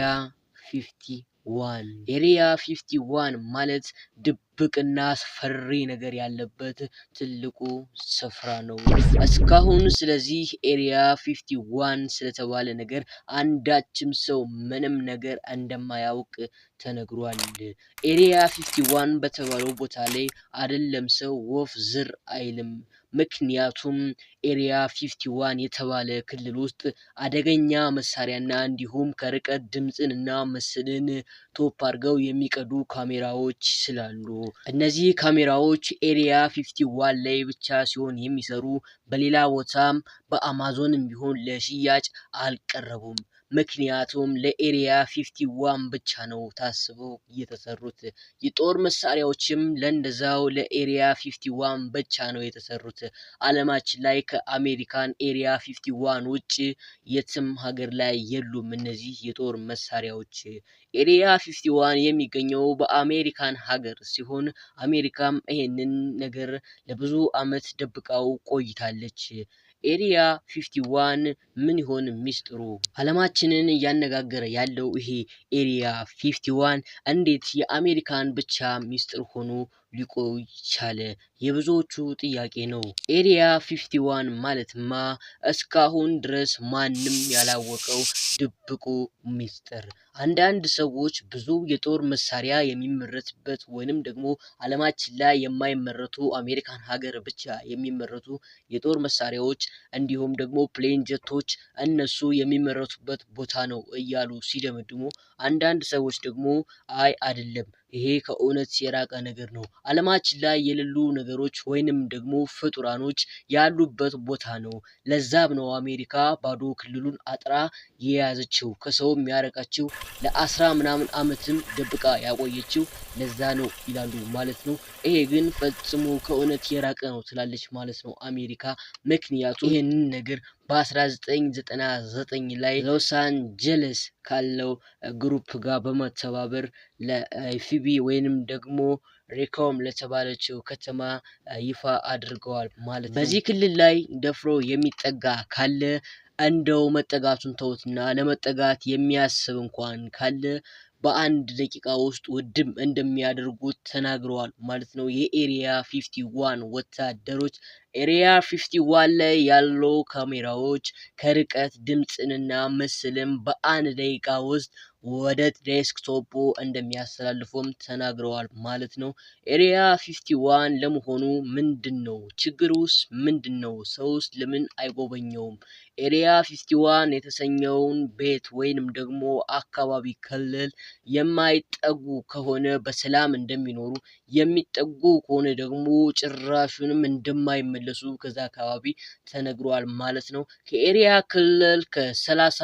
ኤሪያ ፊፍቲ ዋን ኤሪያ ፊፍቲ ዋን ማለት ድብቅና አስፈሪ ነገር ያለበት ትልቁ ስፍራ ነው። እስካሁን ስለዚህ ኤሪያ ፊፍቲ ዋን ስለተባለ ነገር አንዳችም ሰው ምንም ነገር እንደማያውቅ ተነግሯል። ኤሪያ ፊፍቲ ዋን በተባለው ቦታ ላይ አይደለም ሰው ወፍ ዝር አይልም። ምክንያቱም ኤሪያ ፊፍቲ ዋን የተባለ ክልል ውስጥ አደገኛ መሳሪያና እንዲሁም ከርቀት ድምፅን እና ምስልን ቶፕ አድርገው የሚቀዱ ካሜራዎች ስላሉ እነዚህ ካሜራዎች ኤሪያ 51 ላይ ብቻ ሲሆን የሚሰሩ በሌላ ቦታም በአማዞንም ቢሆን ለሽያጭ አልቀረቡም። ምክንያቱም ለኤሪያ ፊፍቲ ዋን ብቻ ነው ታስበው የተሰሩት። የጦር መሳሪያዎችም ለእንደዛው ለኤሪያ ፊፍቲ ዋን ብቻ ነው የተሰሩት። አለማችን ላይ ከአሜሪካን ኤሪያ ፊፍቲ ዋን ውጭ የትም ሀገር ላይ የሉም እነዚህ የጦር መሳሪያዎች። ኤሪያ ፊፍቲ ዋን የሚገኘው በአሜሪካን ሀገር ሲሆን አሜሪካም ይሄንን ነገር ለብዙ አመት ደብቃው ቆይታለች። ኤሪያ 51 ምን ይሆን ሚስጥሩ? አለማችንን እያነጋገረ ያለው ይሄ ኤሪያ 51 እንዴት የአሜሪካን ብቻ ሚስጥር ሆኖ ሊቆይ ቻለ? የብዙዎቹ ጥያቄ ነው። ኤሪያ 51 ማለትማ እስካሁን ድረስ ማንም ያላወቀው ድብቁ ሚስጥር። አንዳንድ ሰዎች ብዙ የጦር መሳሪያ የሚመረትበት ወይንም ደግሞ ዓለማችን ላይ የማይመረቱ አሜሪካን ሀገር ብቻ የሚመረቱ የጦር መሳሪያዎች እንዲሁም ደግሞ ፕሌን ጀቶች እነሱ የሚመረቱበት ቦታ ነው እያሉ ሲደመድሙ፣ አንዳንድ ሰዎች ደግሞ አይ አይደለም ይሄ ከእውነት የራቀ ነገር ነው። ዓለማችን ላይ የሌሉ ነገሮች ወይንም ደግሞ ፍጡራኖች ያሉበት ቦታ ነው። ለዛም ነው አሜሪካ ባዶ ክልሉን አጥራ የያዘችው ከሰውም ያረቀችው ለአስራ ምናምን ዓመትም ደብቃ ያቆየችው ለዛ ነው ይላሉ ማለት ነው። ይሄ ግን ፈጽሞ ከእውነት የራቀ ነው ትላለች ማለት ነው አሜሪካ። ምክንያቱ ይህንን ነገር በ1999 ላይ ሎስ አንጀለስ ካለው ግሩፕ ጋር በመተባበር ለኢፊቢ ወይንም ደግሞ ሬካውም ለተባለችው ከተማ ይፋ አድርገዋል ማለት ነው። በዚህ ክልል ላይ ደፍሮ የሚጠጋ ካለ እንደው መጠጋቱን ተውትና ለመጠጋት የሚያስብ እንኳን ካለ በአንድ ደቂቃ ውስጥ ውድም እንደሚያደርጉት ተናግረዋል ማለት ነው። የኤሪያ ፊፍቲ ዋን ወታደሮች ኤሪያ ፊፍቲ ዋን ላይ ያለው ካሜራዎች ከርቀት ድምፅንና ምስልን በአንድ ደቂቃ ውስጥ ወደ ዴስክቶፑ እንደሚያስተላልፎም ተናግረዋል ማለት ነው። ኤሪያ 51 ለመሆኑ ምንድን ነው? ችግሩስ ምንድን ነው? ሰውስ ለምን አይጎበኘውም? ኤሪያ ፊፍቲዋን የተሰኘውን ቤት ወይንም ደግሞ አካባቢ ክልል የማይጠጉ ከሆነ በሰላም እንደሚኖሩ የሚጠጉ ከሆነ ደግሞ ጭራሹንም እንደማይመለሱ ከዛ አካባቢ ተነግሯል ማለት ነው። ከኤሪያ ክልል ከሰላሳ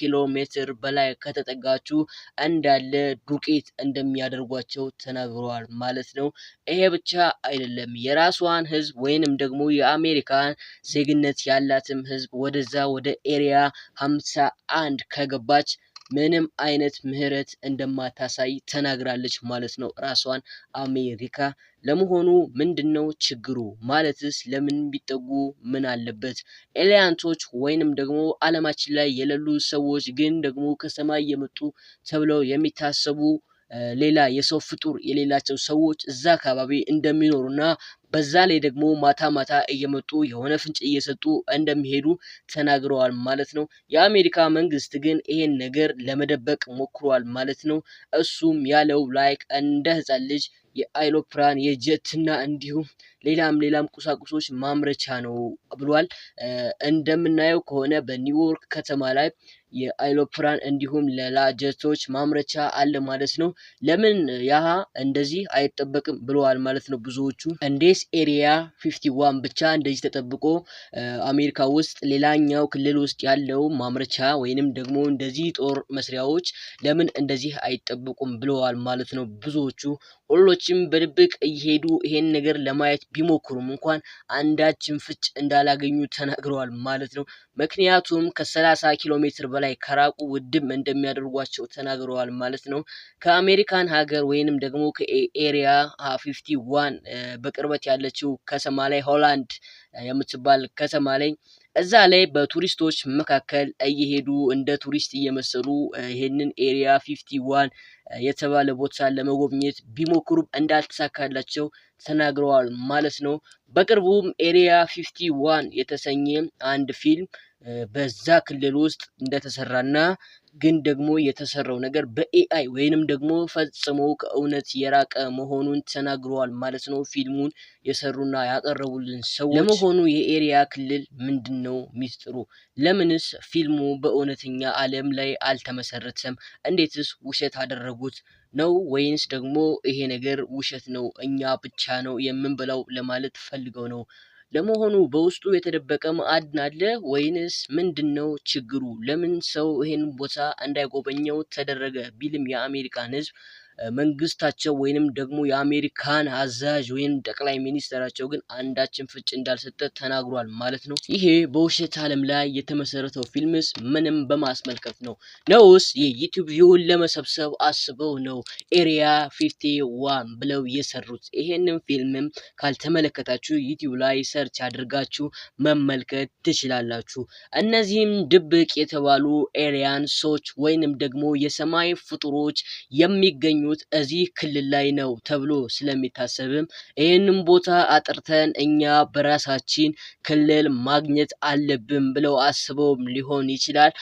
ኪሎ ሜትር በላይ ከተጠጋችሁ እንዳለ ዱቄት እንደሚያደርጓቸው ተነግሯል ማለት ነው። ይሄ ብቻ አይደለም የራሷን ህዝብ ወይንም ደግሞ የአሜሪካን ዜግነት ያላትም ህዝብ ወደዛ ወደ ኤሪያ ሀምሳ አንድ ከገባች ምንም አይነት ምህረት እንደማታሳይ ተናግራለች ማለት ነው ራሷን አሜሪካ። ለመሆኑ ምንድን ነው ችግሩ? ማለትስ ለምን ቢጠጉ ምን አለበት? ኤሊያንቶች ወይንም ደግሞ አለማችን ላይ የሌሉ ሰዎች ግን ደግሞ ከሰማይ የመጡ ተብለው የሚታሰቡ ሌላ የሰው ፍጡር የሌላቸው ሰዎች እዛ አካባቢ እንደሚኖሩና በዛ ላይ ደግሞ ማታ ማታ እየመጡ የሆነ ፍንጭ እየሰጡ እንደሚሄዱ ተናግረዋል ማለት ነው። የአሜሪካ መንግስት ግን ይሄን ነገር ለመደበቅ ሞክሯል ማለት ነው። እሱም ያለው ላይክ እንደ ህፃን ልጅ የአይሮፕላን የጀትና እንዲሁም ሌላም ሌላም ቁሳቁሶች ማምረቻ ነው ብሏል። እንደምናየው ከሆነ በኒውዮርክ ከተማ ላይ የአይሎፕራን እንዲሁም ጀቶች ማምረቻ አለ ማለት ነው። ለምን ያሃ እንደዚህ አይጠበቅም ብለዋል ማለት ነው ብዙዎቹ። እንዴስ ኤሪያ ፊፍቲ ዋን ብቻ እንደዚህ ተጠብቆ አሜሪካ ውስጥ ሌላኛው ክልል ውስጥ ያለው ማምረቻ ወይንም ደግሞ እንደዚህ ጦር መስሪያዎች ለምን እንደዚህ አይጠበቁም ብለዋል ማለት ነው ብዙዎቹ። ሁሎችም በድብቅ እየሄዱ ይሄን ነገር ለማየት ቢሞክሩም እንኳን አንዳችን ፍጭ እንዳላገኙ ተናግረዋል ማለት ነው። ምክንያቱም ከሰላሳ ኪሎ ሜትር በላይ ከራቁ ውድም እንደሚያደርጓቸው ተናግረዋል ማለት ነው። ከአሜሪካን ሀገር ወይንም ደግሞ ከኤሪያ ፊፍቲ ዋን በቅርበት ያለችው ከተማ ላይ ሆላንድ የምትባል ከተማ ላይ እዛ ላይ በቱሪስቶች መካከል እየሄዱ እንደ ቱሪስት እየመሰሉ ይህንን ኤሪያ ፊፍቲ ዋን የተባለ ቦታ ለመጎብኘት ቢሞክሩም እንዳልተሳካላቸው ተናግረዋል ማለት ነው። በቅርቡም ኤሪያ ፊፍቲ ዋን የተሰኘ አንድ ፊልም በዛ ክልል ውስጥ እንደተሰራና ግን ደግሞ የተሰራው ነገር በኤአይ ወይንም ደግሞ ፈጽሞ ከእውነት የራቀ መሆኑን ተናግረዋል ማለት ነው። ፊልሙን የሰሩና ያቀረቡልን ሰዎች። ለመሆኑ የኤሪያ ክልል ምንድን ነው ሚስጥሩ? ለምንስ ፊልሙ በእውነተኛ ዓለም ላይ አልተመሰረተም? እንዴትስ ውሸት አደረጉት ነው ወይንስ ደግሞ ይሄ ነገር ውሸት ነው እኛ ብቻ ነው የምንበላው ለማለት ፈልገው ነው? ለመሆኑ በውስጡ የተደበቀ ማዕድን አለ ወይንስ ምንድን ነው ችግሩ? ለምን ሰው ይህን ቦታ እንዳይጎበኘው ተደረገ ቢልም የአሜሪካን ህዝብ መንግስታቸው ወይንም ደግሞ የአሜሪካን አዛዥ ወይም ጠቅላይ ሚኒስትራቸው ግን አንዳችን ፍጭ እንዳልሰጠ ተናግሯል ማለት ነው። ይሄ በውሸት ዓለም ላይ የተመሰረተው ፊልምስ ምንም በማስመልከት ነው ነውስ የዩቲዩብ ቪውን ለመሰብሰብ አስበው ነው ኤሪያ ፊፍቲ ዋን ብለው የሰሩት? ይሄንን ፊልምም ካልተመለከታችሁ ዩቲዩብ ላይ ሰርች አድርጋችሁ መመልከት ትችላላችሁ። እነዚህም ድብቅ የተባሉ ኤሪያን ሰዎች ወይንም ደግሞ የሰማይ ፍጡሮች የሚገኙ የሚገኙት እዚህ ክልል ላይ ነው ተብሎ ስለሚታሰብም ይህንም ቦታ አጥርተን እኛ በራሳችን ክልል ማግኘት አለብን ብለው አስበውም ሊሆን ይችላል።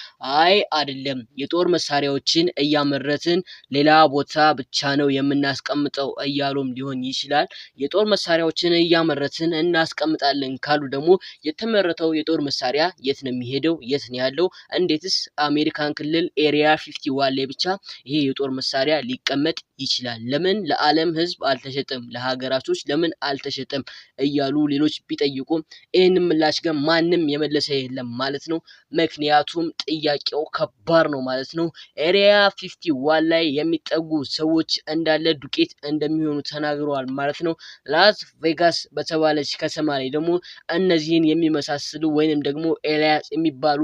አይ አይደለም፣ የጦር መሳሪያዎችን እያመረትን ሌላ ቦታ ብቻ ነው የምናስቀምጠው እያሉም ሊሆን ይችላል። የጦር መሳሪያዎችን እያመረትን እናስቀምጣለን ካሉ ደግሞ የተመረተው የጦር መሳሪያ የት ነው የሚሄደው? የት ነው ያለው? እንዴትስ አሜሪካን ክልል ኤሪያ ፊፍቲ ዋን ላይ ብቻ ይሄ የጦር መሳሪያ ሊቀመጥ መሸጥ ይችላል። ለምን ለዓለም ህዝብ አልተሸጠም? ለሀገራቶች ለምን አልተሸጠም? እያሉ ሌሎች ቢጠይቁም ይህን ምላሽ ግን ማንም የመለሰ የለም ማለት ነው። ምክንያቱም ጥያቄው ከባድ ነው ማለት ነው። ኤሪያ ፊፍቲ ዋን ላይ የሚጠጉ ሰዎች እንዳለ ዱቄት እንደሚሆኑ ተናግረዋል ማለት ነው። ላስ ቬጋስ በተባለች ከተማ ላይ ደግሞ እነዚህን የሚመሳስሉ ወይንም ደግሞ ኤልያስ የሚባሉ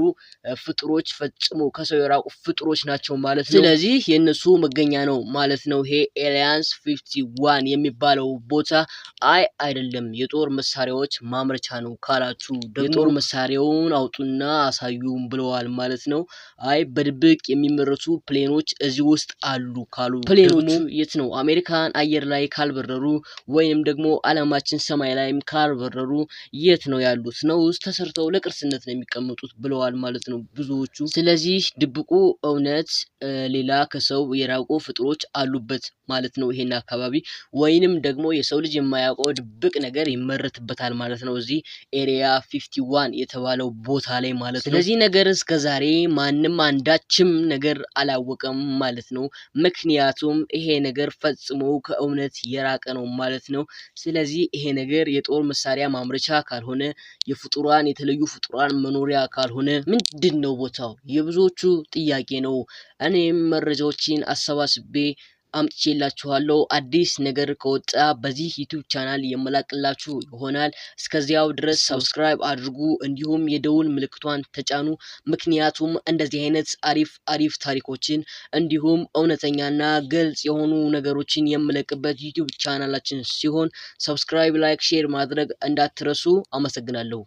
ፍጡሮች ፈጽሞ ከሰው የራቁ ፍጡሮች ናቸው ማለት ነው። ስለዚህ የእነሱ መገኛ ነው ማለት ማለት ነው። ይሄ ኤሊያንስ ፊፍቲ ዋን የሚባለው ቦታ አይ አይደለም የጦር መሳሪያዎች ማምረቻ ነው ካላችሁ የጦር መሳሪያውን አውጡና አሳዩም ብለዋል ማለት ነው። አይ በድብቅ የሚመረቱ ፕሌኖች እዚህ ውስጥ አሉ ካሉ ፕሌኖቹ የት ነው? አሜሪካን አየር ላይ ካልበረሩ ወይም ደግሞ አለማችን ሰማይ ላይም ካልበረሩ የት ነው ያሉት? ነው ውስጥ ተሰርተው ለቅርስነት ነው የሚቀመጡት ብለዋል ማለት ነው ብዙዎቹ። ስለዚህ ድብቁ እውነት ሌላ ከሰው የራቁ ፍጥሮች አሉበት ማለት ነው። ይሄን አካባቢ ወይንም ደግሞ የሰው ልጅ የማያውቀው ድብቅ ነገር ይመረትበታል ማለት ነው። እዚህ ኤሪያ ፊፍቲ ዋን የተባለው ቦታ ላይ ማለት ነው። ስለዚህ ነገር እስከ ዛሬ ማንም አንዳችም ነገር አላወቀም ማለት ነው። ምክንያቱም ይሄ ነገር ፈጽሞ ከእውነት የራቀ ነው ማለት ነው። ስለዚህ ይሄ ነገር የጦር መሳሪያ ማምረቻ ካልሆነ የፍጡራን የተለዩ ፍጡራን መኖሪያ ካልሆነ ምንድን ነው ቦታው? የብዙዎቹ ጥያቄ ነው። እኔም መረጃዎችን አሰባስቤ አምጥቼላችኋለሁ። አዲስ ነገር ከወጣ በዚህ ዩቲዩብ ቻናል የመላቅላችሁ ይሆናል። እስከዚያው ድረስ ሰብስክራይብ አድርጉ፣ እንዲሁም የደውል ምልክቷን ተጫኑ። ምክንያቱም እንደዚህ አይነት አሪፍ አሪፍ ታሪኮችን እንዲሁም እውነተኛና ግልጽ የሆኑ ነገሮችን የምለቅበት ዩቲዩብ ቻናላችን ሲሆን ሰብስክራይብ፣ ላይክ፣ ሼር ማድረግ እንዳትረሱ። አመሰግናለሁ።